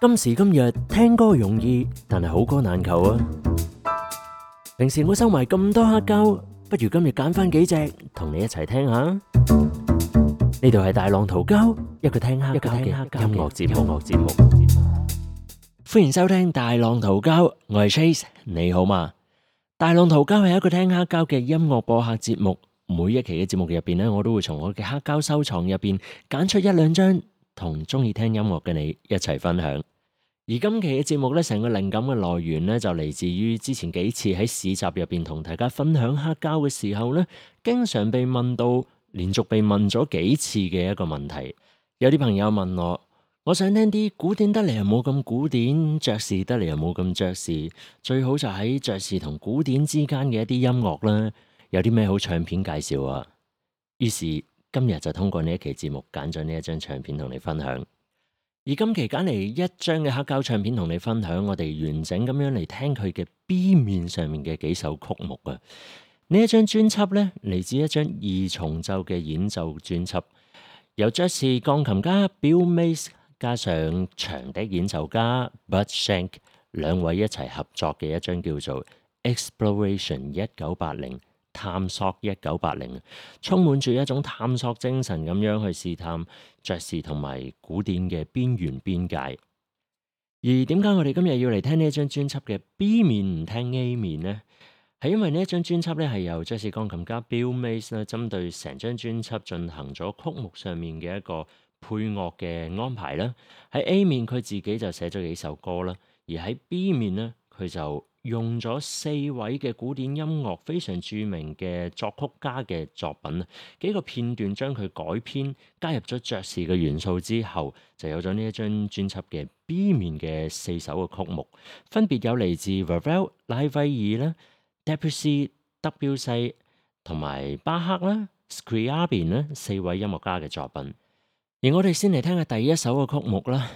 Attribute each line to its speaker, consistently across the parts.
Speaker 1: 今時今日聽歌容易，但係好歌難求啊！平時我收埋咁多黑膠，不如今日揀翻幾隻同你一齊聽下。呢度係大浪淘膠，一個聽黑膠嘅音樂節目。節有目歡迎收聽大浪淘膠，我係 Chase，你好嘛？大浪淘膠係一個聽黑膠嘅音樂播客節目。每一期嘅節目入邊呢，我都會從我嘅黑膠收藏入邊揀出一兩張。兩張同中意聽音樂嘅你一齊分享。而今期嘅節目咧，成個靈感嘅來源咧，就嚟自於之前幾次喺市集入邊同大家分享黑膠嘅時候咧，經常被問到，連續被問咗幾次嘅一個問題。有啲朋友問我，我想聽啲古典得嚟又冇咁古典，爵士得嚟又冇咁爵士，最好就喺爵士同古典之間嘅一啲音樂啦，有啲咩好唱片介紹啊？於是。今日就通過呢一期節目揀咗呢一張唱片同你分享，而今期揀嚟一張嘅黑膠唱片同你分享，我哋完整咁樣嚟聽佢嘅 B 面上面嘅幾首曲目啊！呢一張專輯咧，嚟自一張二重奏嘅演奏專輯，由爵士、er、鋼琴家 Bill Mays 加上長笛演奏家 Bud Shank 兩位一齊合作嘅一張叫做《Exploration》一九八零。探索一九八零，充滿住一種探索精神，咁樣去試探爵士同埋古典嘅邊緣邊界。而點解我哋今日要嚟聽呢一張專輯嘅 B 面唔聽 A 面呢？係因為呢一張專輯咧係由爵士鋼琴家 Bill Mays 針對成張專輯進行咗曲目上面嘅一個配樂嘅安排啦。喺 A 面佢自己就寫咗幾首歌啦，而喺 B 面咧。佢就用咗四位嘅古典音樂非常著名嘅作曲家嘅作品啊，幾個片段將佢改編，加入咗爵士嘅元素之後，就有咗呢一張專輯嘅 B 面嘅四首嘅曲目，分別有嚟自 Ravel 拉威爾咧、Debussy 德彪西同埋巴赫啦、Scriabin 咧四位音樂家嘅作品。而我哋先嚟聽下第一首嘅曲目啦，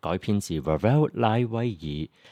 Speaker 1: 改編自 Ravel 拉威爾。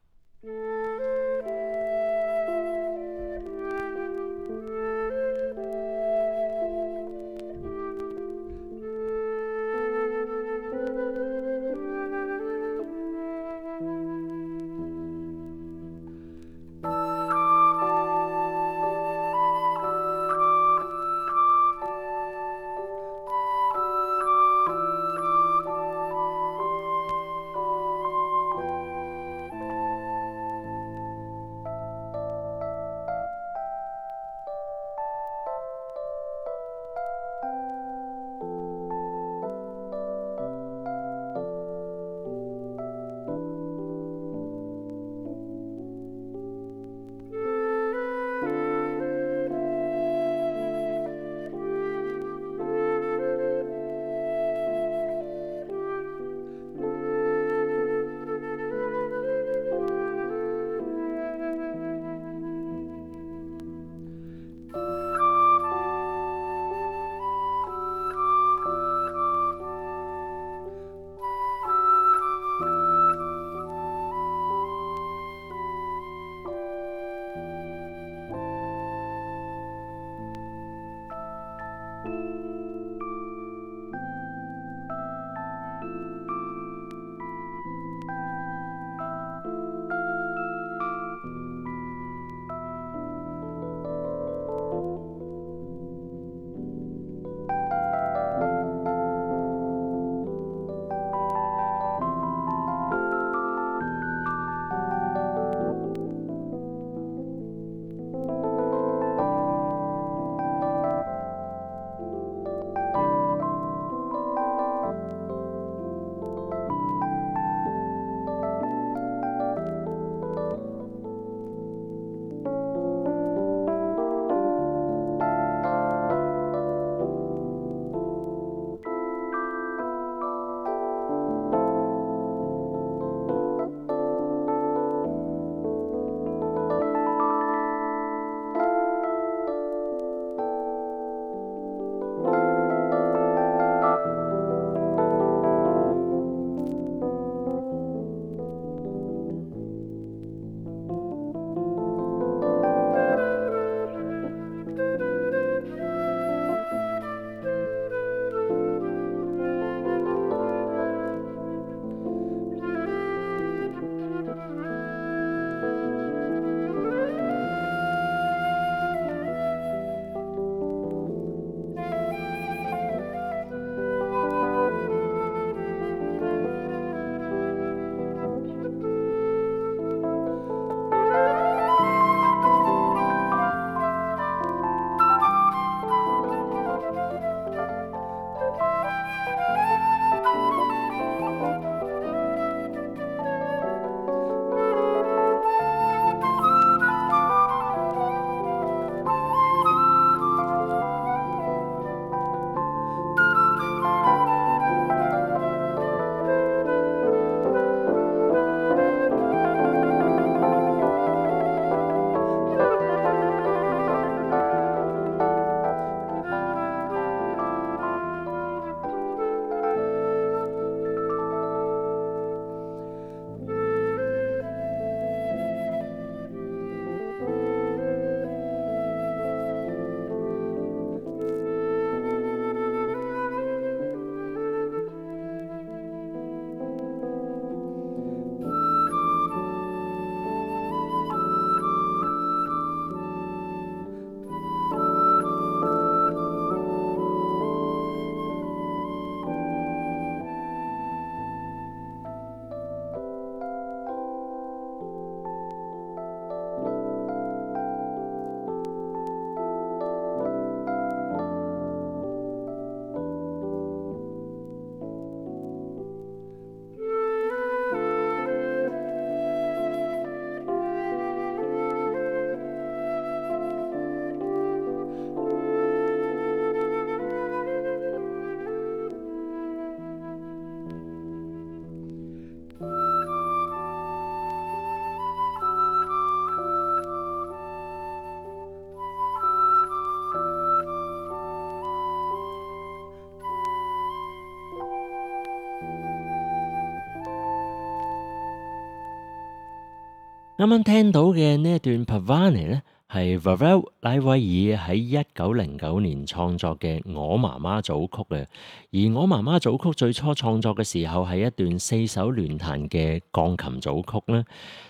Speaker 1: 啱啱聽到嘅呢一段 Pavane 咧，係 Ravel 拉威爾喺一九零九年創作嘅《我媽媽組曲》嘅。而《我媽媽組曲》最初創作嘅時候係一段四手聯彈嘅鋼琴組曲啦。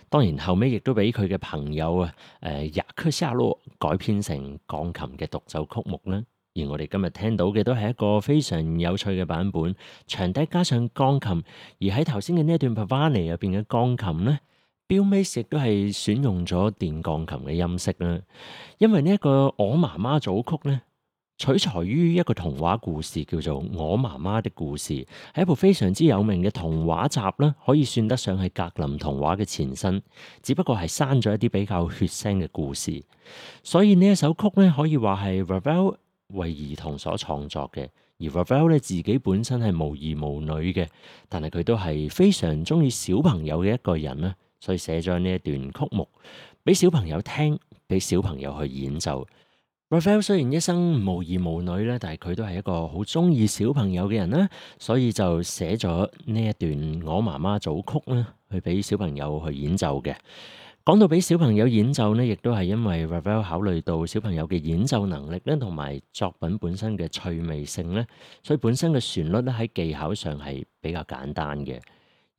Speaker 1: 當然後尾亦都俾佢嘅朋友啊，誒、呃、Jacques Charlot 改編成鋼琴嘅獨奏曲目啦。而我哋今日聽到嘅都係一個非常有趣嘅版本，長笛加上鋼琴。而喺頭先嘅呢一段 Pavane 入邊嘅鋼琴咧。Bill Mays 亦都係選用咗電鋼琴嘅音色啦，因為呢、這、一個我媽媽組曲咧，取材於一個童話故事，叫做《我媽媽的故事》，係一部非常之有名嘅童話集啦，可以算得上係格林童話嘅前身。只不過係刪咗一啲比較血腥嘅故事，所以呢一首曲咧可以話係 Ravel 為兒童所創作嘅。而 Ravel 咧自己本身係無兒無女嘅，但係佢都係非常中意小朋友嘅一個人啦。所以寫咗呢一段曲目俾小朋友聽，俾小朋友去演奏。Ravel 雖然一生無兒無女咧，但係佢都係一個好鍾意小朋友嘅人啦，所以就寫咗呢一段我媽媽組曲啦，去俾小朋友去演奏嘅。講到俾小朋友演奏呢，亦都係因為 Ravel 考慮到小朋友嘅演奏能力咧，同埋作品本身嘅趣味性咧，所以本身嘅旋律咧喺技巧上係比較簡單嘅。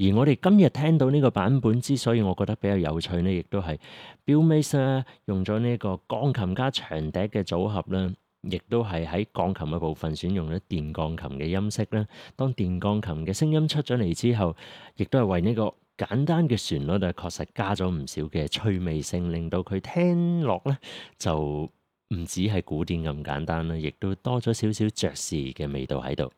Speaker 1: 而我哋今日聽到呢個版本之所以我覺得比較有趣咧，亦都係 Bill Mays 用咗呢個鋼琴加長笛嘅組合咧，亦都係喺鋼琴嘅部分選用咗電鋼琴嘅音色咧。當電鋼琴嘅聲音出咗嚟之後，亦都係為呢個簡單嘅旋律，咧確實加咗唔少嘅趣味性，令到佢聽落咧就唔止係古典咁簡單啦，亦都多咗少少爵士嘅味道喺度。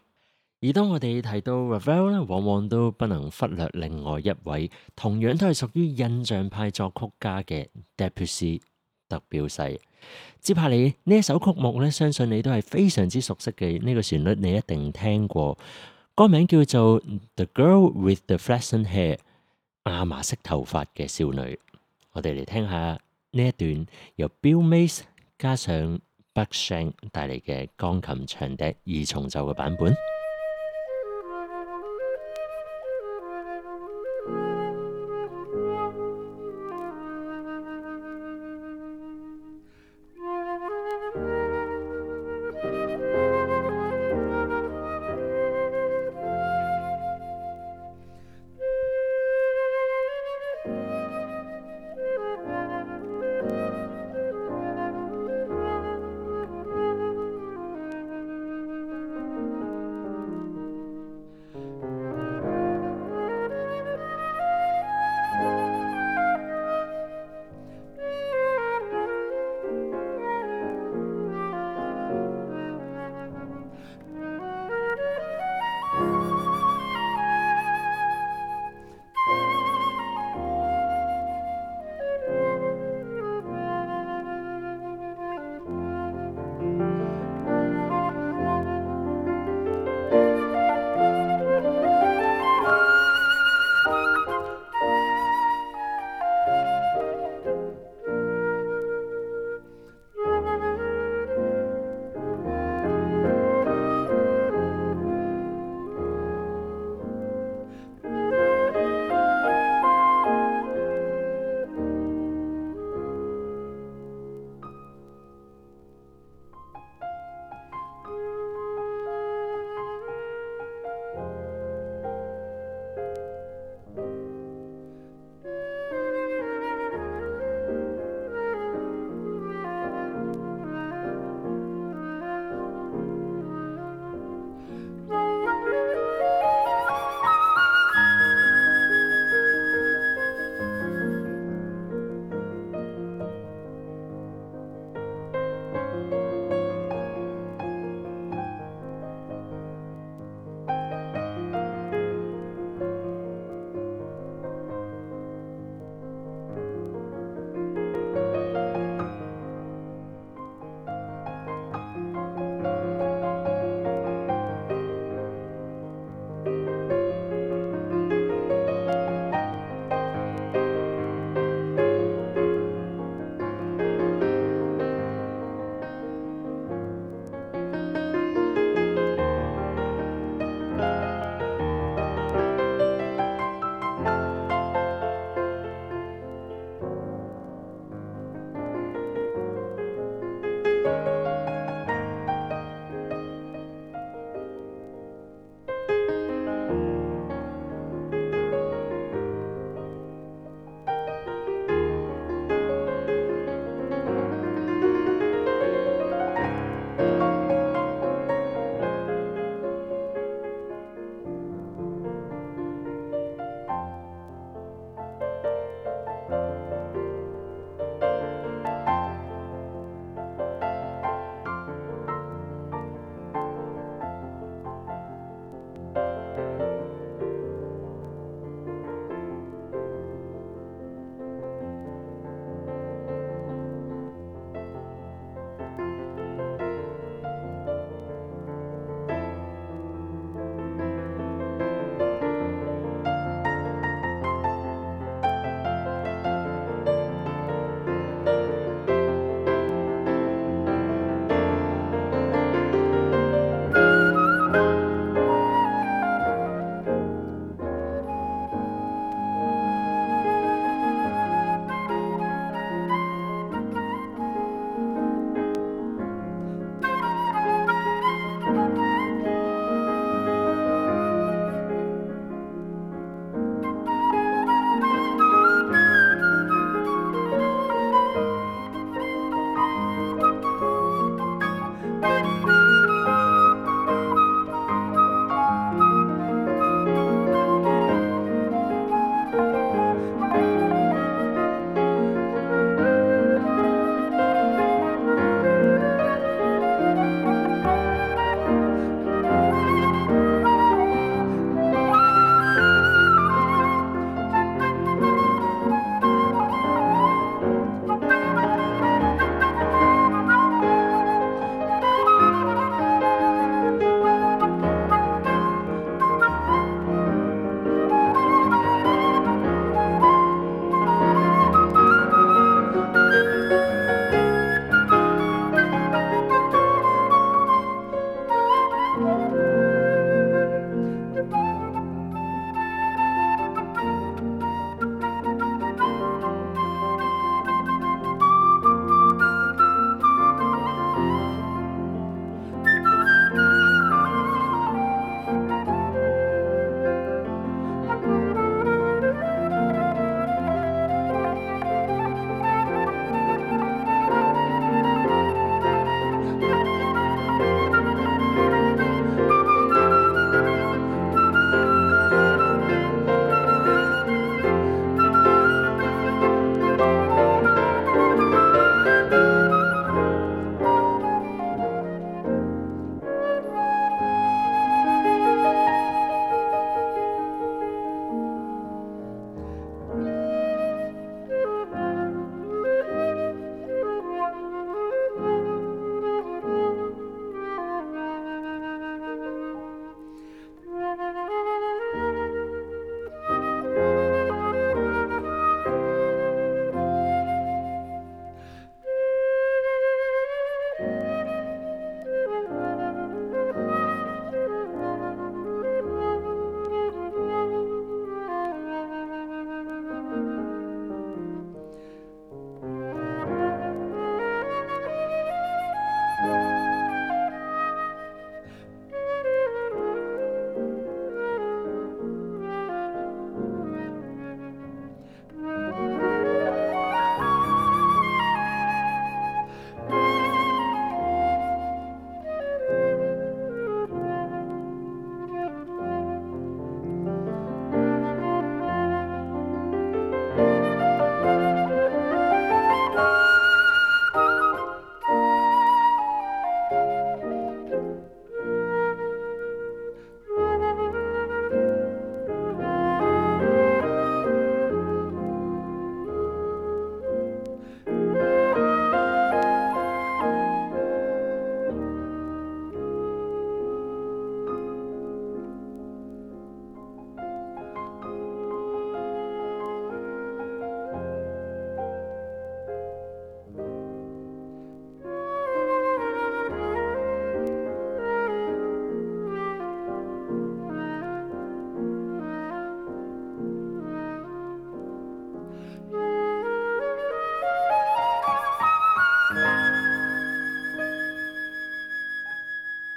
Speaker 1: 而當我哋提到 Ravel 咧，往往都不能忽略另外一位同樣都係屬於印象派作曲家嘅 Debussy 德彪西。接下嚟呢一首曲目咧，相信你都係非常之熟悉嘅。呢、這個旋律你一定聽過，歌名叫做《The Girl with the Flaxen Hair》亞麻色頭髮嘅少女。我哋嚟聽下呢一段由 Bill Mays 加上 Bud Shank 帶嚟嘅鋼琴長笛二重奏嘅版本。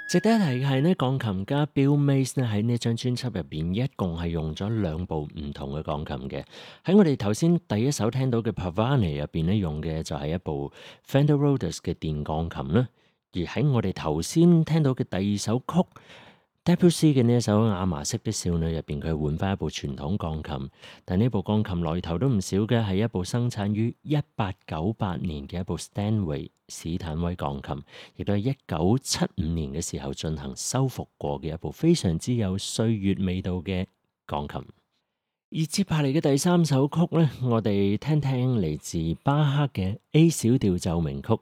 Speaker 1: 值得一提嘅係咧，鋼琴家 Bill Mays 咧，喺呢張專輯入邊，一共係用咗兩部唔同嘅鋼琴嘅。喺我哋頭先第一首聽到嘅 Pavane 入邊咧，用嘅就係一部 Fender Rhodes 嘅電鋼琴啦。而喺我哋頭先聽到嘅第二首曲。Debussy 嘅呢一首亞麻色的少女入邊，佢換翻一部傳統鋼琴，但呢部鋼琴來頭都唔少嘅，係一部生產於一八九八年嘅一部 Steinway 史坦威鋼琴，亦都係一九七五年嘅時候進行修復過嘅一部非常之有歲月味道嘅鋼琴。而接下嚟嘅第三首曲咧，我哋聽聽嚟自巴克嘅 A 小調奏鳴曲。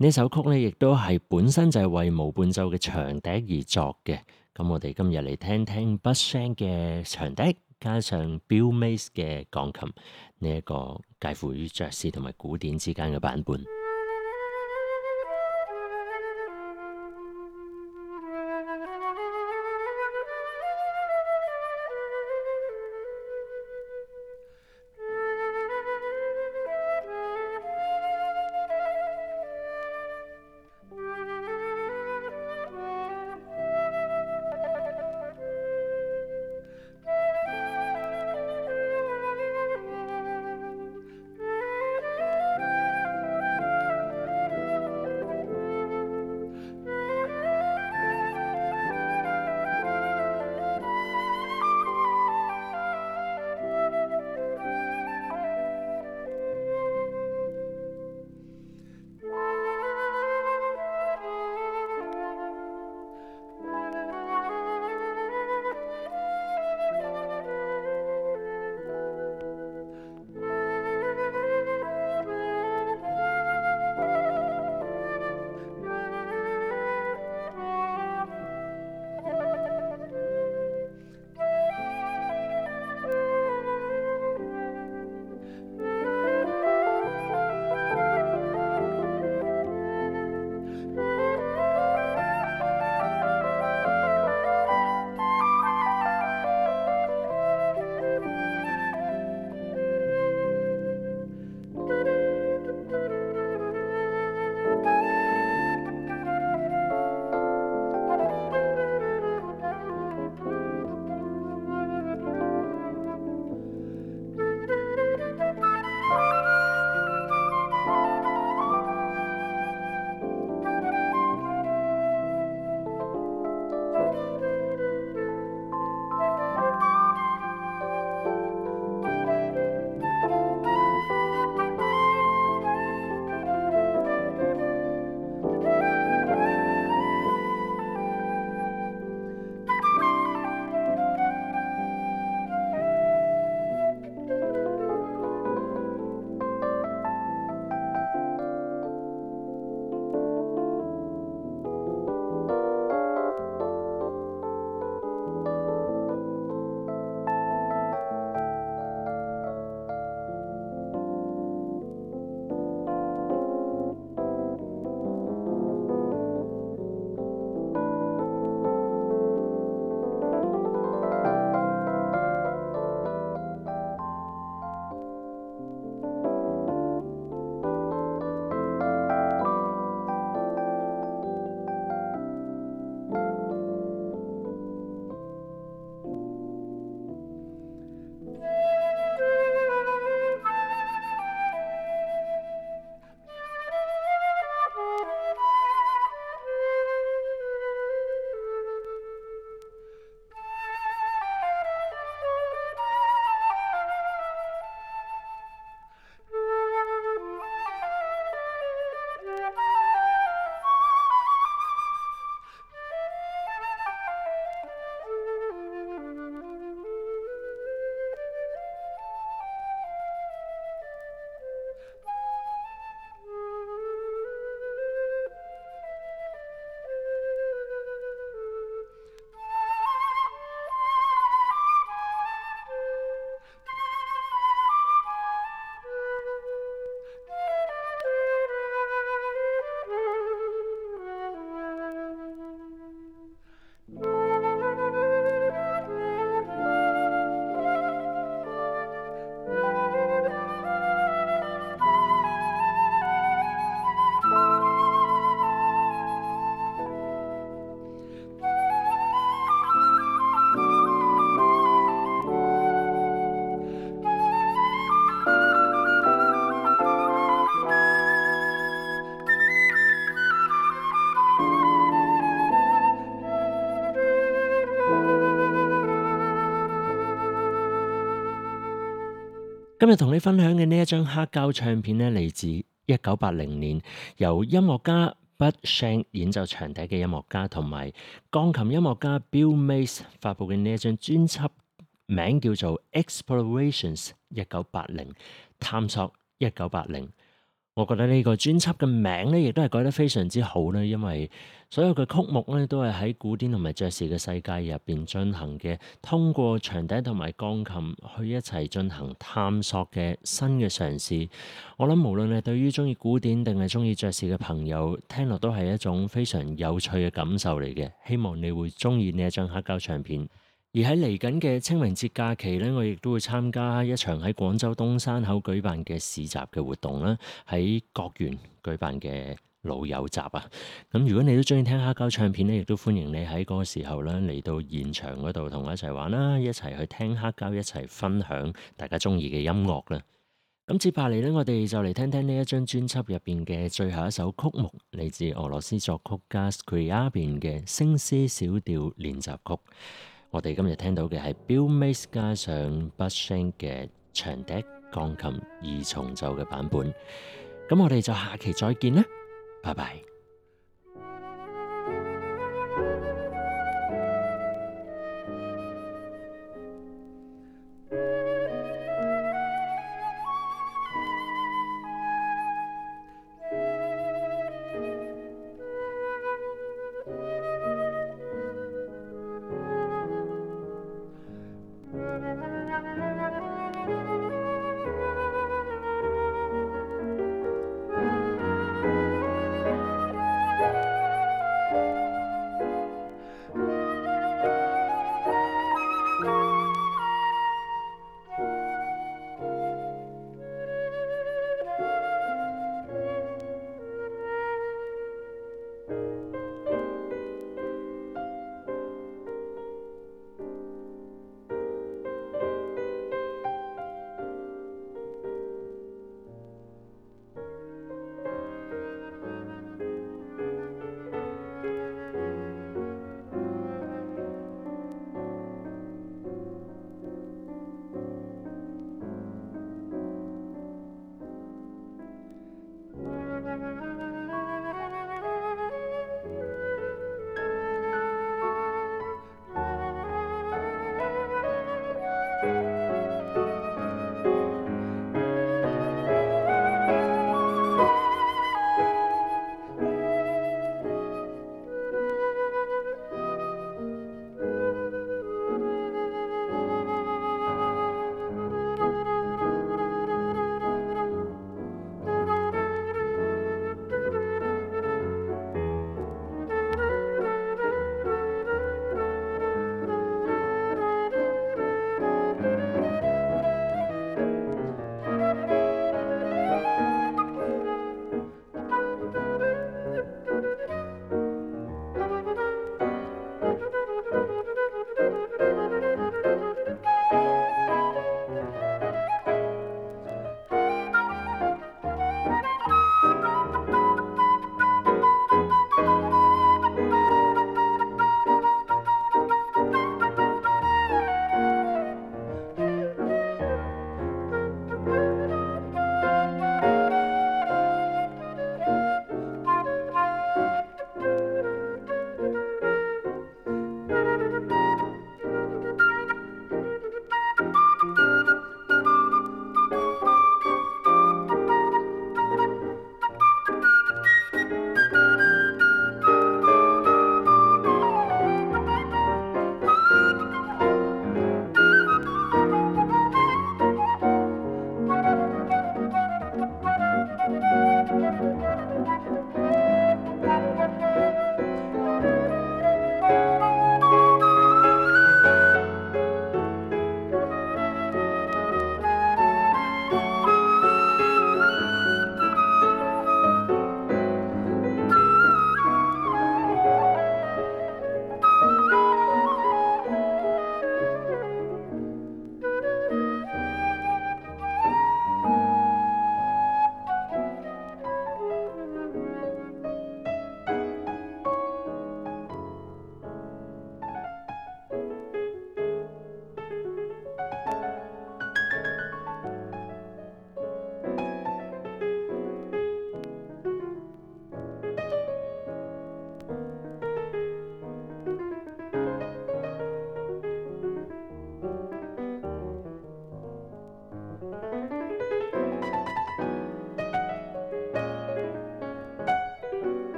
Speaker 1: 呢首曲咧，亦都係本身就係為無伴奏嘅長笛而作嘅。咁我哋今日嚟聽聽 Bud Shank 嘅長笛，加上 Bill Mays 嘅鋼琴呢一個介乎於爵士同埋古典之間嘅版本。今日同你分享嘅呢一張黑膠唱片呢，嚟自一九八零年，由音樂家 Bud Shank 演奏長笛嘅音樂家，同埋鋼琴音樂家 Bill Mays 發布嘅呢一張專輯，名叫做《Explorations》一九八零，探索一九八零。我覺得呢個專輯嘅名呢，亦都係改得非常之好呢，因為所有嘅曲目呢都係喺古典同埋爵士嘅世界入邊進行嘅，通過長笛同埋鋼琴去一齊進行探索嘅新嘅嘗試。我諗無論係對於鍾意古典定係鍾意爵士嘅朋友，聽落都係一種非常有趣嘅感受嚟嘅。希望你會鍾意呢一張黑膠唱片。而喺嚟緊嘅清明節假期咧，我亦都會參加一場喺廣州東山口舉辦嘅市集嘅活動啦。喺國園舉辦嘅老友集啊，咁如果你都中意聽黑膠唱片咧，亦都歡迎你喺嗰個時候咧嚟到現場嗰度同我一齊玩啦，一齊去聽黑膠，一齊分享大家中意嘅音樂啦。咁接下嚟咧，我哋就嚟聽聽呢一張專輯入邊嘅最後一首曲目，嚟自俄羅斯作曲家斯克里亞賓嘅《升 C 小調練習曲》。我哋今日聽到嘅係 Bill Mays 加上 Bud Shank 嘅長笛鋼琴二重奏嘅版本，咁我哋就下期再見啦，拜拜。